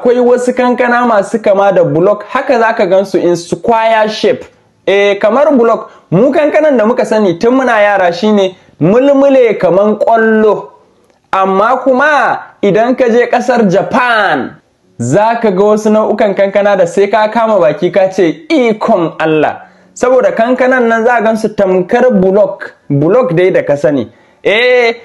akwai wasu kankana masu kama da block haka za ka gansu in square shape eh kamar block mu kankanan da muka sani tun muna yara shine mulmule kaman kwallo amma kuma idan ka je ƙasar Japan za ka ga wasu nau'ukan kankana da sai ka kama baki ka ce ikon Allah saboda kankanan nan za a gansu tamkar bulok block dai da ka sani eh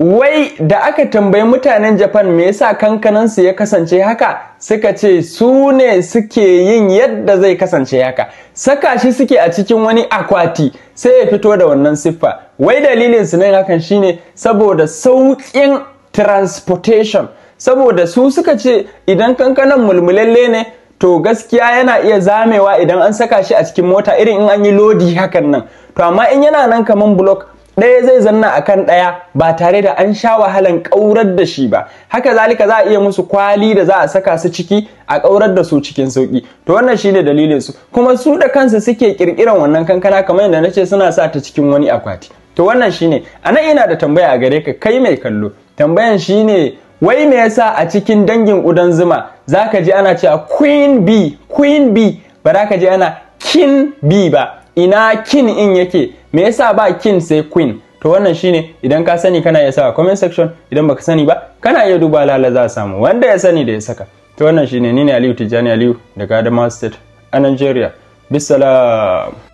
Wai da aka tambayi mutanen Japan me yasa kankanansu ya kasance haka suka ce su ne suke yin yadda zai kasance haka. Saka shi suke a cikin wani akwati sai ya fito da wannan siffa. Wai dalilin su nan hakan shine saboda sauƙin transportation. Saboda su suka ce idan kankanan mulmulalle ne to gaskiya yana iya zamewa idan an saka shi a cikin mota irin in an yi lodi hakan nan. To amma in yana nan kaman block ɗaya zai zanna a kan ɗaya ba tare da an sha wahalan ƙaurar da shi ba haka zalika za a iya musu kwali da za a saka su ciki a ƙaurar da su cikin sauƙi to wannan ne dalilin su kuma su da kansu suke ƙirƙiran wannan kankana kamar yadda ce suna sa ta cikin wani akwati to wannan shi ne. A nan ina da tambaya a gare ka kai mai kallo tambayan shi ne. wai me yasa a cikin dangin udan zuma za ka ji ana cewa queen bee queen bee ba za ka ji ana kin bee ba ina kin in yake me yasa ba king sai queen to wannan shine idan ka sani kana iya sawa comment section idan baka sani ba kana iya duba lala za samu wanda ya sani da ya saka to wannan shine ni ne Aliyu Tijjani Aliyu daga Adamawa State a Nigeria bisalam